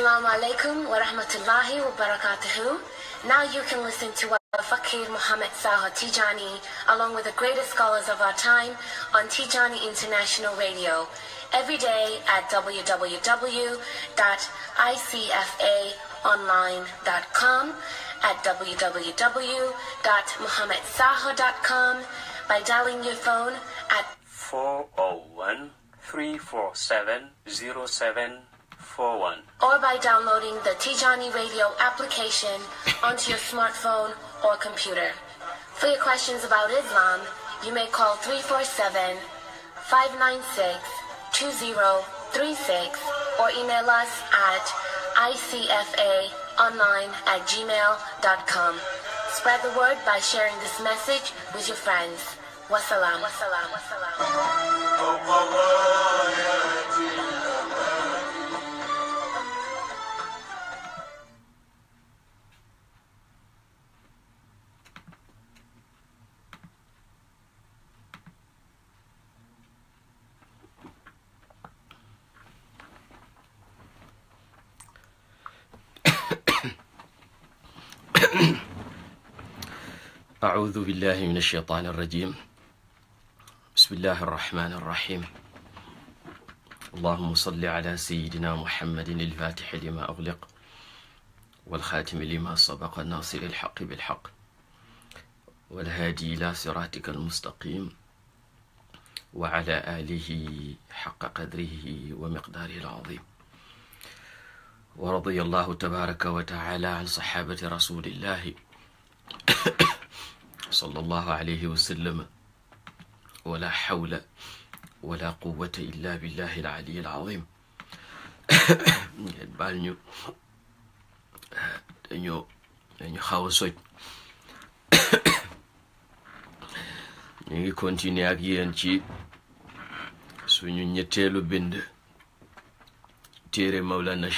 Assalamu alaikum wa rahmatullahi wa barakatuhu. Now you can listen to Al Fakir Muhammad Saha Tijani along with the greatest scholars of our time on Tijani International Radio every day at www.icfaonline.com, at www.muhammadsaha.com, by dialing your phone at 401 347 07 941. Or by downloading the Tijani Radio application onto your smartphone or computer. For your questions about Islam, you may call 347 596 2036 or email us at icfaonline at gmail.com. Spread the word by sharing this message with your friends. Wassalam. Wassalam. Wassalam. أعوذ بالله من الشيطان الرجيم بسم الله الرحمن الرحيم اللهم صل على سيدنا محمد الفاتح لما أغلق والخاتم لما سبق الناصر الحق بالحق والهادي إلى صراطك المستقيم وعلى آله حق قدره ومقداره العظيم ورضي الله تبارك وتعالى عن صحابة رسول الله sallallahu alayhi wa sallam wala xawla ñu dañoo dañu xaw a soj ñu ngi continuer ak yéen ci suñu ñetteelu bind téere Mawlana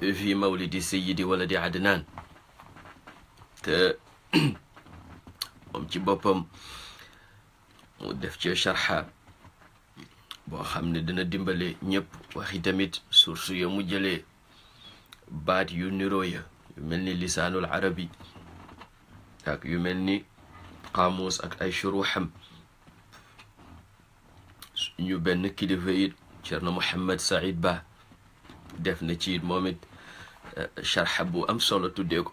fi mawlidi sayidi wala di adnaan te moom ci boppam mu def ci sharxa boo xam ne dina dimbale ñëpp waxi tamit source ya mu jëlee baat yu niroo ya yu mel ni lisaanul arabi ak yu mel ni qaamuus ak ay shuruxam suñu benn kilifa it Cerno Mouhamed Saïd Ba def na ci it charxa bu am solo tuddee ko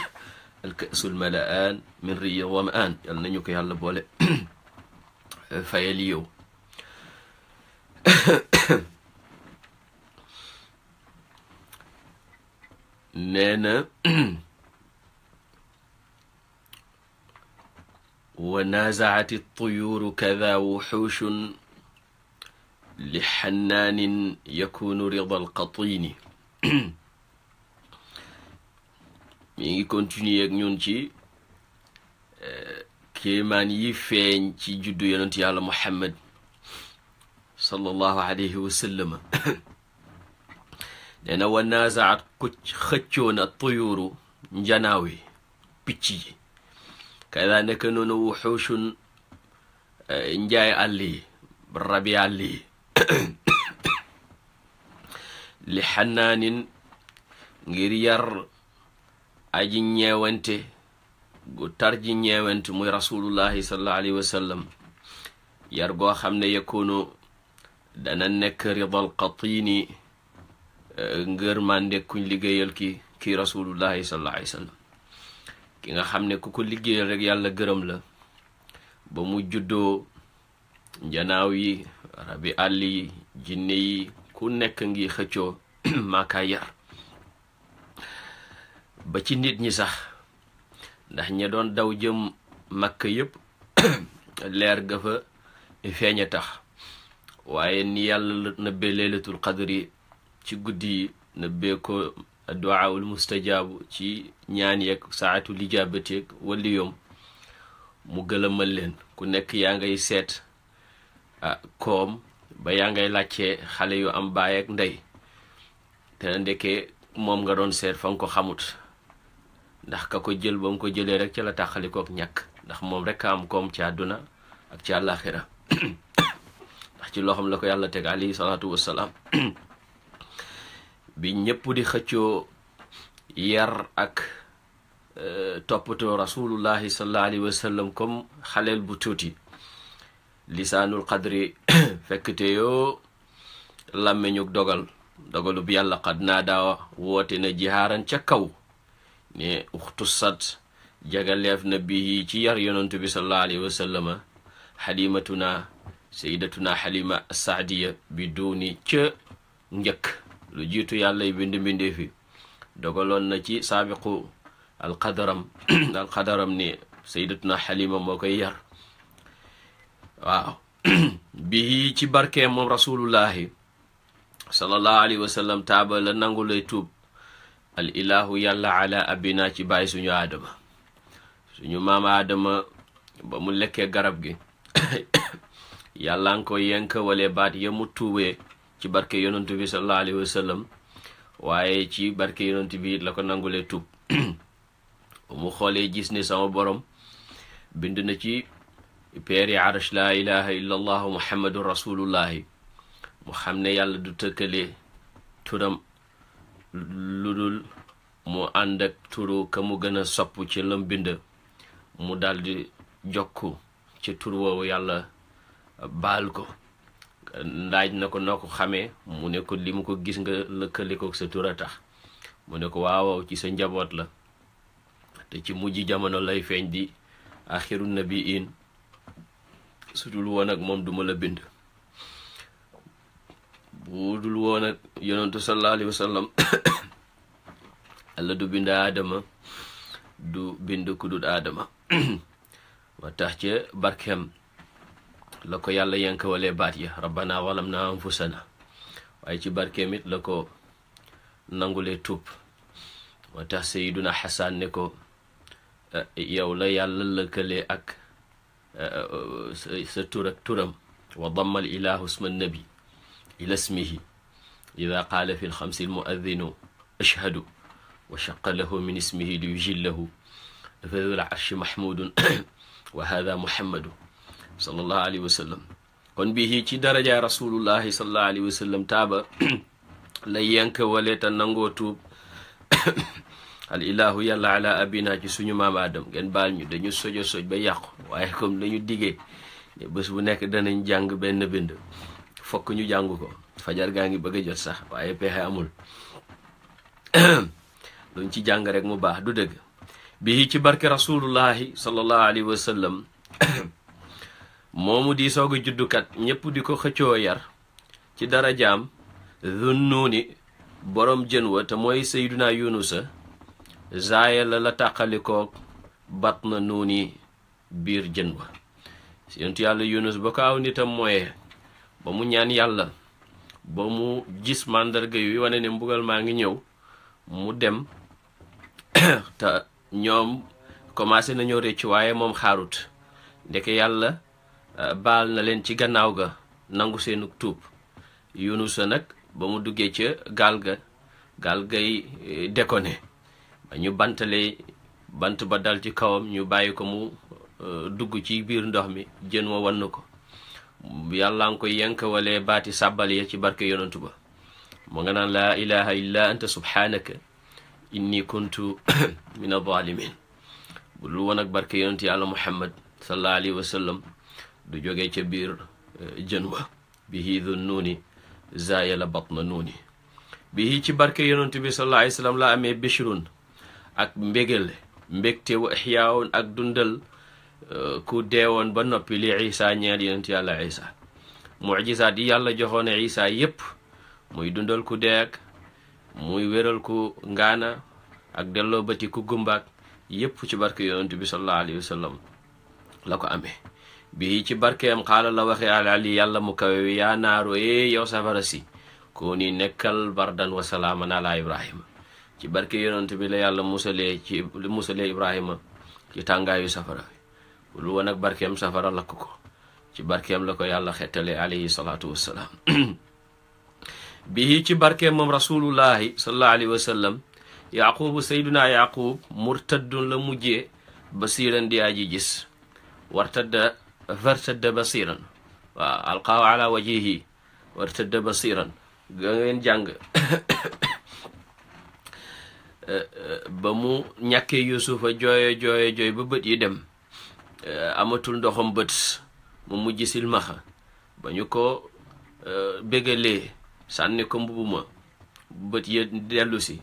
alkasul malaan min riya wam aan yal nañu ko yàlla boole fayal yow nee na wa naazaat tuyuuru kada wuxuushun li xannaanin yakunu rida alqatini mi ngi continuer ak ñun ci euh, kéemaan yi feeñ ci juddu yonent yàlla muhammad sallallahu alayhi wa sallam nee na wa naasaat ku xëccoon a tuyuru njanaaw yi picc yi kada naka noonu euh, njaay àll yi rabi àll li xanaanin ngir yar aji ñeewante gu tar ji ñeewante muy rasulullahi sallallahu alayhi yar goo xam ne yekkoonu dana nekk ridal qatini eh, ngër mande kuñ liggéeyal ki kii rasulullahi sallallahu alayhi wa ki nga xam ne ku ko liggéeyal rek yàlla gërëm la ba mu juddoo njanaaw yi rabi àll yi jinne yi ku nekk ngi xëccoo maakaa yar ba ci nit ñi sax ndax ña doon daw jëm makk yépp leer ga fa feeña tax waaye ni yàlla nëbbee laylatul qadri ci guddi yi nëbbee ko duwaawul mustajaabu ci ñaan yeeg saatu lijaabati yeeg wali yoom mu gëlëmal leen ku nekk yaa ngay seet ah, koom ba yaa ngay laajtee xale yu am baay ak ndey te ndekkee moom nga doon seet fa ko xamut ndax ka ko jël boom ko jëlee rek ci la tàqalikook ñàkk ndax moom rek ka am koom ci àdduna ak ci àllaaxira ndax ci loo xam la ko yàlla teg alayhi salaatu wassalaam bi ñëpp di xëccoo yar ak e, toppatoo rasulullahi sallallahu alayhi wa sallam comme xaleel bu tuuti lisaanul qadri fekkte yoo làmmiñu dogal dogalu bi yàlla xad naa woote na jihaaran ca kaw ne uxtusat jagaleef na bii ci yar yonantu bi sallallahu alayhi wa sallama xalimatuna sayidatuna saadiya bi duuni ca njëkk lu jiitu yàlla y bind mbindee fi dogaloon na ci saabiqu alqadaram alqadaram ne sayidatuna xalima moo koy yar waaw bii ci barkeem moom rasulullahi sallallahu alayhi wa taaba la nangu lay tuub al ilahu yàlla ala abina ci bàyyi suñu aadama suñu maam aadama ba mu lekkee garab gi yàlla nga ko yenk wale baat ya mu tuubee ci barke yonent bi sallallahu alayhi wasallam waaye ci barke yonent bi la ko nangulee tuub mu xoolee gis ne sama borom bind na ci peeri arsh laa ilaha illa allahu muhammadun rasulullahi mu xam ne yàlla du tëkkale turam lu dul mu ànd ak turu ka mu gën a sopp ci lëmbind mu daldi jokk ci tur woowu yàlla baal ko ndaaj na ko noo ko xamee mu ne ko li mu ko gis nga lëkkale ko sa tur a mu ne ko waawaw ci sa njaboot la te ci mujj jamono lay feeñ di axiru nabiin su dul woon ak moom duma la bind bu dul woon ak yonentu sallallahu wa sallam alla du bind aadama du bind ku dul aadama moo tax ca barkeem la ko yàlla yankawalee baat ya rabbana walamna anfusana waaye ci barkeem la ko nangulee tuub moo tax Seyduna Xasaan ne ko eh, yow la yàlla lëkkalee ak eh, eh, sa tur ak turam wa dammal ilaahu isma nabi ila ismihi ida qaala fi lxamsi almuadinu ashhadu wa shaqa lahu min ismihi li yujillahu fadu larshi mahmudun wa hada muhammadu sallallahu alayhi wa sallam kon bihi ci daraja rasulullahi sallallahu alayhi wa sallam taaba la yenk waleeta nangoo tuub al ilahu yàlla ala abina ci suñu maam Adam ngeen baal ñu dañu sojo soj ba yàqu waaye comme lañu diggee bés bu nekk danañ jàng benn bind fokk ñu jàng ko fajar gaa ngi bëgg a jot sax waaye pexe amul luñ ci jàng rekk mu baax du dëgg bi ci barke rasulullahi sallallahu alayhi wa sallam moomu di soog a juddukat ñépp di ko xëccoo yar ci dara jaam zunnuuni borom jën wa te mooy sayduna yunusa zaaya la la tàqalikoog bat na nuuni biir jën wa yontu yàlla yunus ba ko aw nitam mooyee ba mu ñaan yàlla ba mu gis màndarga yu wane ne mbugal maa ngi ñëw mu dem te ñoom commencé nañoo réccu waaye moom xaarut ndeke yàlla euh, baal na leen ci gannaaw ga nangu seenu tuub yunusa nag ba mu duggee ca gaal ga gaal gay euh, dekone ba ñu bantalee bant ba dal ci kawam ñu bàyyi ko mu euh, dugg ci biir ndox mi jën wa wann ko yàlla nga koy yankawalee baati sàbbal ya ci barke yonantu ba mu nga naan laa ilaha illa anta subhanaka inni kuntu min adalimin bu dul woon ak barke yonantu yàlla muhammad sallallahu du jógee ca biir eh, jën wa bihi dun nuuni zaayala batna nuuni bihi ci barke yonantu bi sallallahu la amee bishrun ak mbégel mbégte wa ixyaawoon ak dundal Euh, ku deewoon ba noppi li isa ñeel yonent yàlla isa mujisaat yi yàlla joxoon isa yépp muy dundal ku deeg muy wéral ku ngaana ak delloo bëti ku gumbaak yépp ci barke yonent bi sallallahu la ko amee bii ci barkeem xaala la waxee alali yàlla mu kawe yaa naaroo ee eh, yow safara si ko ni nekkal bardan wa salaaman ala ibrahima ci barke yonent bi la yàlla musalee ci musalee ibrahima ci tàngaayu safara bu lu woon ak barkeem safara lakk ci barkeem la ko yàlla xettale alayhi salaatu wassalaam bihi ci barkeem moom rasulullahi sallallahu alayhi wa sallam sayduna yaqub murtaddun la mujjee basiran di aji gis wartadda fartadda basiran waaw alqaahu ala wartadda basiran ga ngeen eh, eh, ba mu ñàkkee yusufa jooye jooye ba bët dem Eh, amatul ndoxam bët mu mujj silmaxa ba ñu ko eh, bégalee sànni ko mbubu ma bët ya dellusi si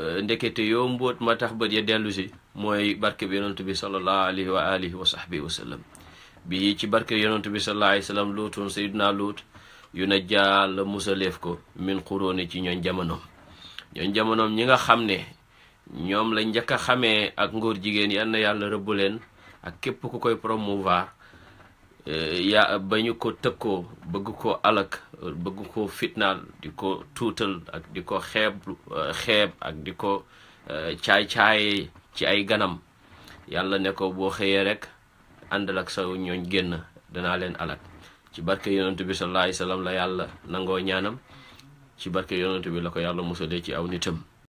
eh, ndekete yoo mbóot ma tax bët ya dellusi mooy barke bi yonentu bi sallallahu alayhi wa alihi wa sahbihi bi ci barke yonentu bi sallallahu alayhi wa sallam luutoon sayyidina luut yu na jaal musaleef ko min xuróoni ci ñooñ jamonoom ñooñ jamonoom ñi nga xam ne ñoom la njëkk a xamee ak ngóor jigéen yan na yàlla rëbb leen ak képp ku koy promouvoir euh, yaa ba ko tëkkoo bëgg ko alak bëgg ko fitnaal di ko tuutal ak di ko xeeb euh, ak di ko euh, caay-caaye ci ay ganam yàlla ne ko boo xëyee rek àndal ak sa ñooñ génn danaa leen alak ci barke yonent bi sallallahu alayhi wasallam la yàlla nangoo ñaanam ci barke yonent bi la ko yàlla musalee ci aw nitam